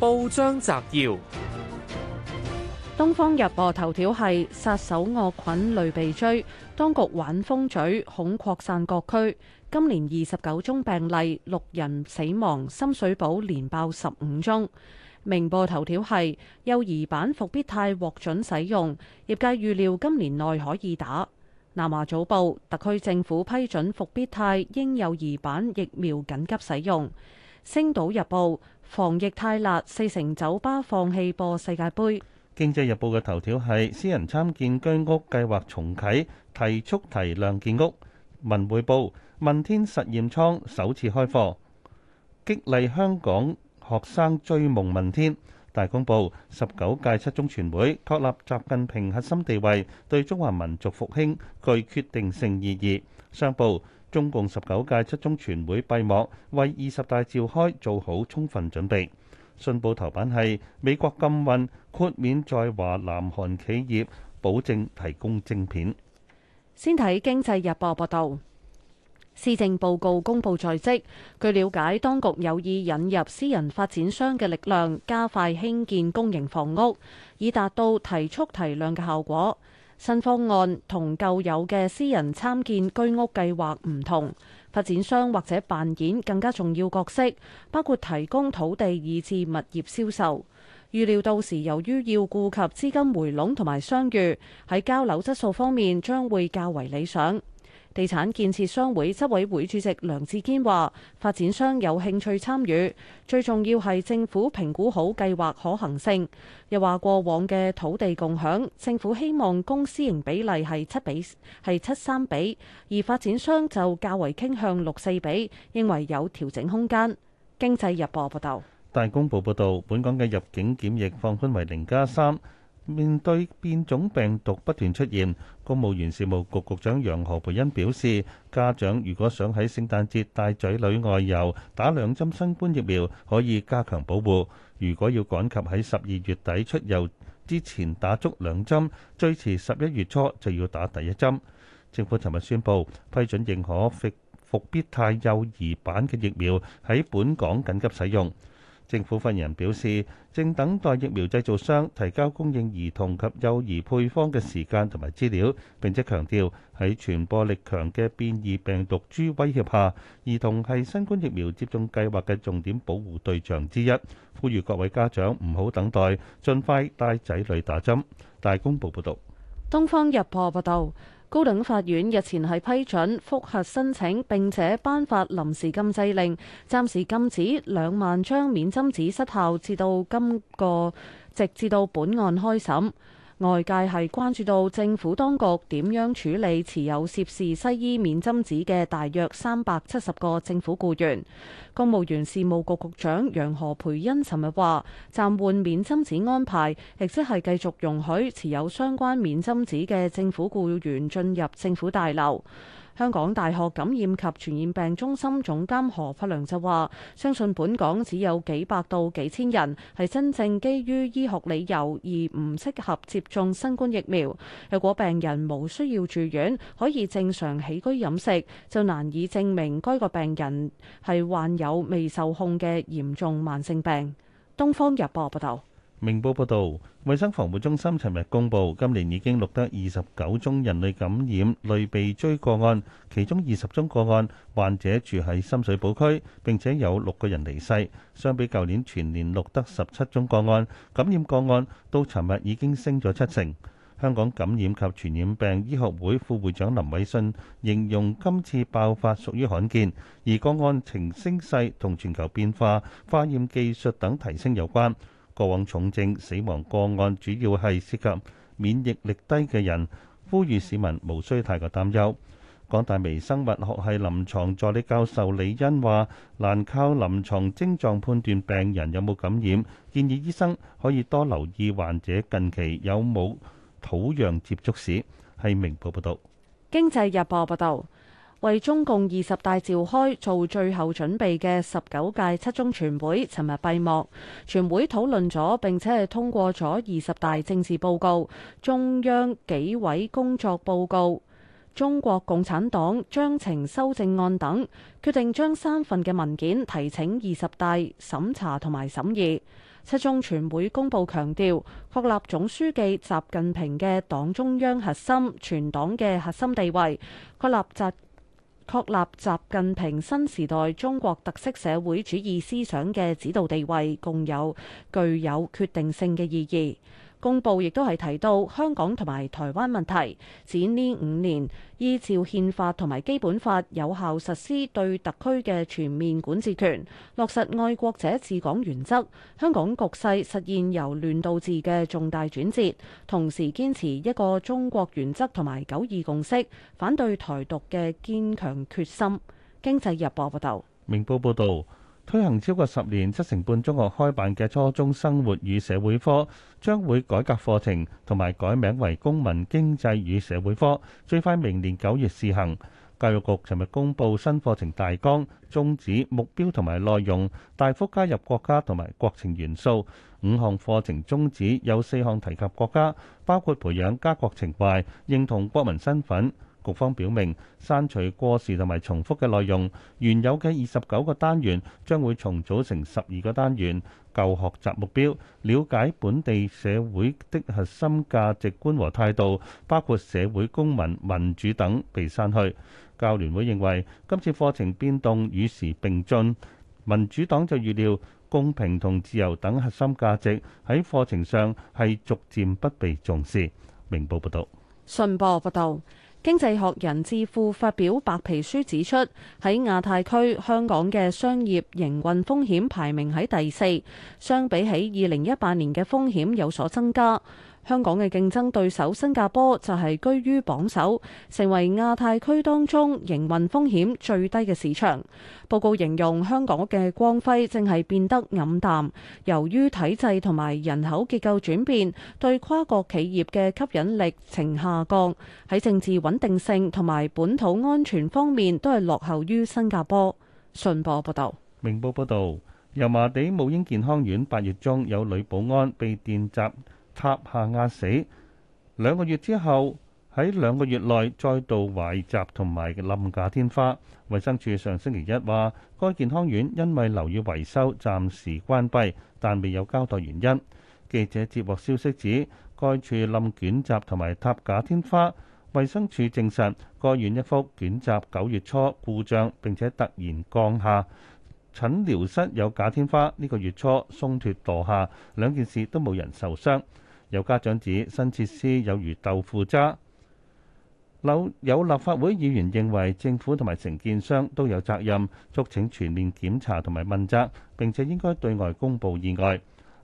報章摘要：《東方日報頭條》頭條係殺手惡菌類被追，當局玩風嘴恐擴散各區。今年二十九宗病例，六人死亡。深水埗連爆十五宗。《明報頭條》頭條係幼兒版復必泰獲准使用，業界預料今年內可以打。《南華早報》，特區政府批准復必泰嬰幼兒版疫苗緊急使用。星島日報：防疫太辣，四成酒吧放棄播世界杯。經濟日報嘅頭條係：私人參建居屋計劃重啟，提速提量建屋。文匯報：文天實驗艙首次開課，激勵香港學生追夢文天。大公報：十九屆七中全會確立習近平核心地位，對中華民族復興具決定性意義。商報。中共十九屆七中全會閉幕，為二十大召開做好充分準備。信報頭版係美國禁運豁免在華南韓企業，保證提供晶片。先睇經濟日報報道，施政報告公布在即。據瞭解，當局有意引入私人發展商嘅力量，加快興建公營房屋，以達到提速提量嘅效果。新方案同舊有嘅私人參建居屋計劃唔同，發展商或者扮演更加重要角色，包括提供土地以至物業銷售。預料到時由於要顧及資金回籠同埋商譽，喺交樓質素方面將會較為理想。地產建設商會執委會主席梁志堅話：，發展商有興趣參與，最重要係政府評估好計劃可行性。又話過往嘅土地共享，政府希望公私營比例係七比係七三比，而發展商就較為傾向六四比，認為有調整空間。經濟日報報道，大公報報道，本港嘅入境檢疫放寬為零加三。面對變種病毒不斷出現，公務員事務局局長楊何蓓茵表示：家長如果想喺聖誕節帶仔女外遊，打兩針新冠疫苗可以加強保護。如果要趕及喺十二月底出遊之前打足兩針，最遲十一月初就要打第一針。政府尋日宣布批准認可復必泰幼兒版嘅疫苗喺本港緊急使用。政府發言人表示，正等待疫苗製造商提交供應兒童及幼兒配方嘅時間同埋資料。並且強調，喺傳播力強嘅變異病毒株威脅下，兒童係新冠疫苗接種計劃嘅重點保護對象之一。呼籲各位家長唔好等待，盡快帶仔女打針。大公報報道，東方日報報道。高等法院日前係批准覆核申請，並且頒發臨時禁制令，暫時禁止兩萬張免針紙失效，至到今個直至到本案開審。外界係關注到政府當局點樣處理持有涉事西醫免針紙嘅大約三百七十個政府雇員。公務員事務局局長楊何蓓茵尋日話：暫緩免針紙安排，亦即係繼續容許持有相關免針紙嘅政府雇員進入政府大樓。香港大學感染及傳染病中心總監何柏良就話：相信本港只有幾百到幾千人係真正基於醫學理由而唔適合接種新冠疫苗。若果病人無需要住院，可以正常起居飲食，就難以證明該個病人係患有未受控嘅嚴重慢性病。《東方日報》報道。明報報導，衞生防護中心尋日公布，今年已經錄得二十九宗人類感染類鼻疽個案，其中二十宗個案患者住喺深水埗區，並且有六個人離世。相比舊年全年錄得十七宗個案，感染個案到尋日已經升咗七成。香港感染及傳染病醫學會副會長林偉信形容今次爆發屬於罕見，而個案呈升勢同全球變化、化驗技術等提升有關。過往重症死亡個案主要係涉及免疫力低嘅人，呼籲市民無需太過擔憂。港大微生物學系臨牀助理教授李欣話：難靠臨牀症狀判斷病人有冇感染，建議醫生可以多留意患者近期有冇土壤接觸史。係明報報導，《經濟日報》報導。為中共二十大召開做最後準備嘅十九屆七中全會，尋日閉幕。全會討論咗，並且係通過咗二十大政治報告、中央紀委工作報告、中國共產黨章程修正案等，決定將三份嘅文件提請二十大審查同埋審議。七中全會公報強調，確立總書記習近平嘅黨中央核心、全黨嘅核心地位，確立習。確立習近平新時代中國特色社會主義思想嘅指導地位，共有具有決定性嘅意義。公報亦都係提到香港同埋台灣問題，展呢五年依照憲法同埋基本法有效實施對特區嘅全面管治權，落實愛國者治港原則，香港局勢實現由亂到治嘅重大轉折，同時堅持一個中國原則同埋九二共識，反對台獨嘅堅強決心。經濟日報報道。明報報導。推行超過十年，七成半中學開辦嘅初中生活與社會科，將會改革課程同埋改名為公民經濟與社會科，最快明年九月試行。教育局尋日公布新課程大綱、宗旨、目標同埋內容，大幅加入國家同埋國情元素。五項課程宗旨有四項提及國家，包括培養家國情懷、認同國民身份。局方表明，刪除過時同埋重複嘅內容，原有嘅二十九個單元將會重組成十二個單元。舊學習目標了解本地社會的核心價值觀和態度，包括社會公民、民主等，被刪去。教聯會認為今次課程變動與時並進，民主黨就預料公平同自由等核心價值喺課程上係逐漸不被重視。明報報導，信報報導。經濟學人智庫發表白皮書指出，喺亞太區，香港嘅商業營運風險排名喺第四，相比起二零一八年嘅風險有所增加。香港嘅競爭對手新加坡就係居於榜首，成為亞太區當中營運風險最低嘅市場。報告形容香港嘅光輝正係變得暗淡，由於體制同埋人口結構轉變，對跨國企業嘅吸引力呈下降。喺政治穩定性同埋本土安全方面，都係落後於新加坡。信報報道。明報報道，油麻地母嬰健康院八月中有女保安被電襲。塌下壓死。兩個月之後，喺兩個月內再度壞閘同埋冧假天花。衛生署上星期一話，該健康院因為樓宇維修暫時關閉，但未有交代原因。記者接獲消息指，該處冧捲閘同埋塌假天花。衛生署證實，該院一幅捲閘九月初故障，並且突然降下。診療室有假天花，呢、這個月初鬆脱墮下，兩件事都冇人受傷。有家長指新設施有如豆腐渣，有有立法會議員認為政府同埋承建商都有責任，促請全面檢查同埋問責，並且應該對外公佈意外。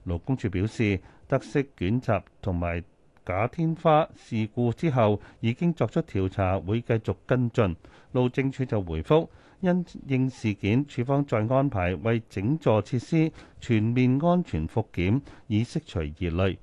勞工處表示，德式捲閘同埋假天花事故之後，已經作出調查，會繼續跟進。路政處就回覆，因應事件，處方再安排為整座設施全面安全復檢，以釋除疑慮。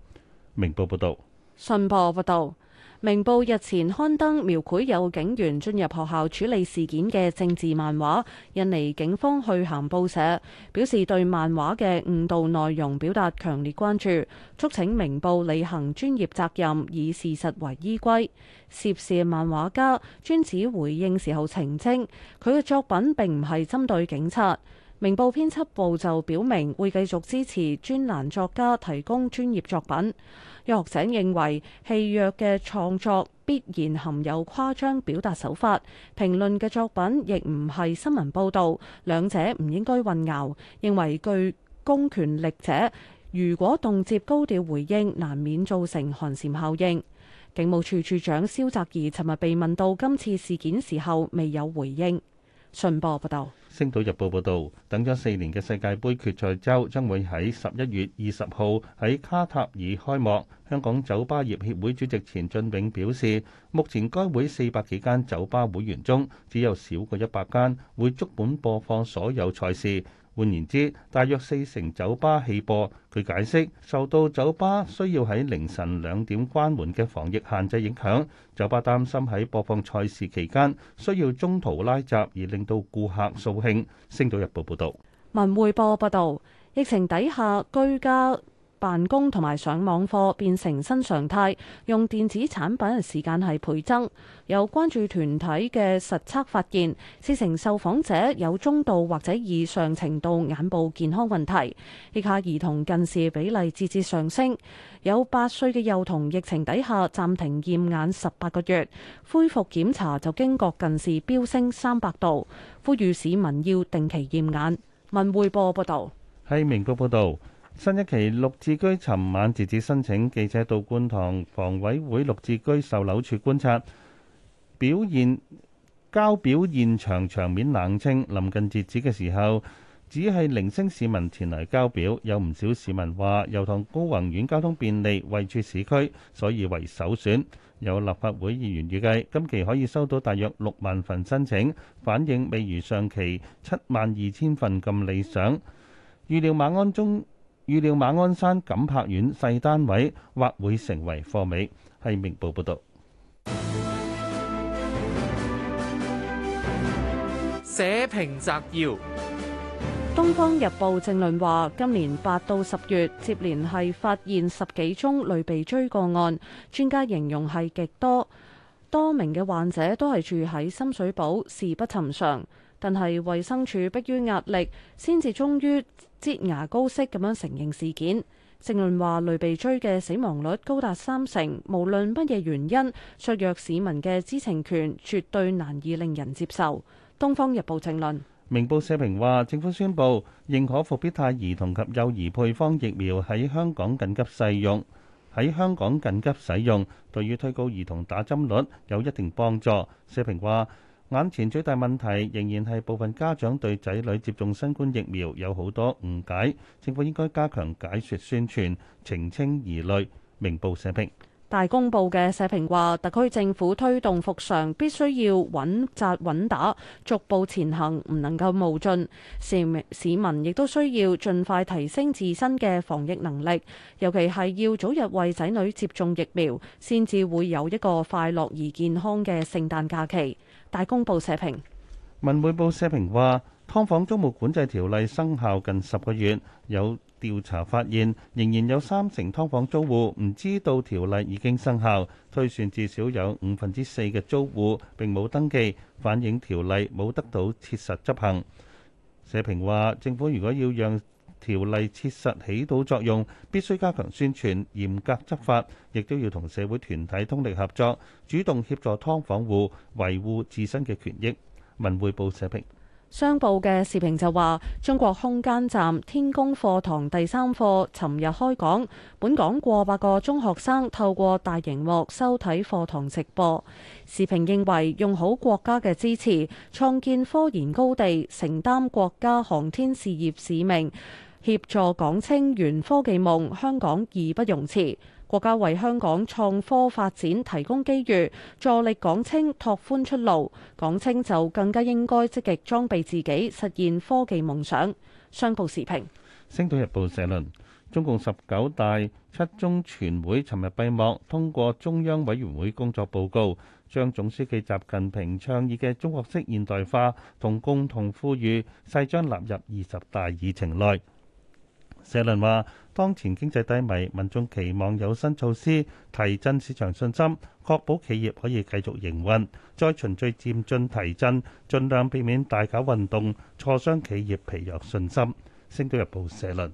明報報道：「信報報道，明報日前刊登描繪有警員進入學校處理事件嘅政治漫畫，引嚟警方去函報社，表示對漫畫嘅誤導內容表達強烈關注，促請明報履行專業責任，以事實為依歸。涉事漫畫家尊子回應時候，澄清，佢嘅作品並唔係針對警察。明報編輯部就表明會繼續支持專欄作家提供專業作品。有學者認為戲謔嘅創作必然含有誇張表達手法，評論嘅作品亦唔係新聞報導，兩者唔應該混淆。認為具公權力者如果動輒高調回應，難免造成寒蟬效應。警務處處長蕭澤頤尋日被問到今次事件時候，未有回應。信報報道。《星島日報》報導，等咗四年嘅世界盃決賽週將會喺十一月二十號喺卡塔爾開幕。香港酒吧業協會主席錢俊永表示，目前該會四百幾間酒吧會員中，只有少過一百間會足本播放所有賽事。換言之，大約四成酒吧棄播。佢解釋受到酒吧需要喺凌晨兩點關門嘅防疫限制影響，酒吧擔心喺播放賽事期間需要中途拉閘而令到顧客掃興。星島日報報導。文匯報報道，疫情底下居家，辦公同埋上網課變成新常態，用電子產品嘅時間係倍增。有關注團體嘅實測發現，四成受訪者有中度或者以上程度眼部健康問題。以下兒童近視比例節節上升，有八歲嘅幼童疫情底下暫停驗眼十八個月，恢復檢查就驚覺近視飆升三百度。呼籲市民要定期驗眼。文匯報報道，喺《明報》報道。新一期綠置居尋晚截止申請，記者到觀塘房委會綠置居售樓處觀察，表現交表現場場面冷清。臨近截止嘅時候，只係零星市民前嚟交表，有唔少市民話：油塘高宏苑交通便利，位處市區，所以為首選。有立法會議員預計今期可以收到大約六萬份申請，反應未如上期七萬二千份咁理想。預料馬鞍中預料馬鞍山錦柏苑細單位或會成為貨尾。係明報報道。社評摘要：《東方日報》正論話，今年八到十月接連係發現十幾宗類鼻疽個案，專家形容係極多，多名嘅患者都係住喺深水埗，事不尋常。但係，衛生署迫於壓力，先至終於擠牙膏式咁樣承認事件。評論話，累被追嘅死亡率高達三成，無論乜嘢原因，削弱市民嘅知情權，絕對難以令人接受。《東方日報》評論。明報社評話，政府宣布認可復必泰兒童及幼兒配方疫苗喺香港緊急使用，喺香港緊急使用，對於推高兒童打針率有一定幫助。社評話。眼前最大問題仍然係部分家長對仔女接種新冠疫苗有好多誤解，政府應該加強解説宣傳，澄清疑慮。明報社評。大公報嘅社評話，特區政府推動復常必須要穩紮穩打，逐步前行，唔能夠冒進。市市民亦都需要盡快提升自身嘅防疫能力，尤其係要早日為仔女接種疫苗，先至會有一個快樂而健康嘅聖誕假期。大公報社評。文匯報社評話，劏房租務管制條例生效近十個月，有調查發現，仍然有三成劏房租戶唔知道條例已經生效，推算至少有五分之四嘅租戶並冇登記，反映條例冇得到切實執行。社評話，政府如果要讓條例切實起到作用，必須加強宣傳，嚴格執法，亦都要同社會團體通力合作，主動協助劏房戶維護自身嘅權益。文匯報社評。商報嘅時評就話：中國空間站天宮課堂第三課尋日開講，本港過百個中學生透過大螢幕收睇課堂直播。時評認為，用好國家嘅支持，創建科研高地，承擔國家航天事業使命。協助港青圓科技夢，香港義不容辭。國家為香港創科發展提供機遇，助力港青拓寬出路，港青就更加應該積極裝備自己，實現科技夢想。商報時評。《星島日報》社論：中共十九大七中全會尋日閉幕，通過中央委員會工作報告，將總書記習近平倡議嘅中國式現代化同共同富裕勢將納入二十大議程內。社論話：當前經濟低迷，民眾期望有新措施提振市場信心，確保企業可以繼續營運。再循序漸進提振，盡量避免大搞運動，挫傷企業疲弱信心。星島日報社論。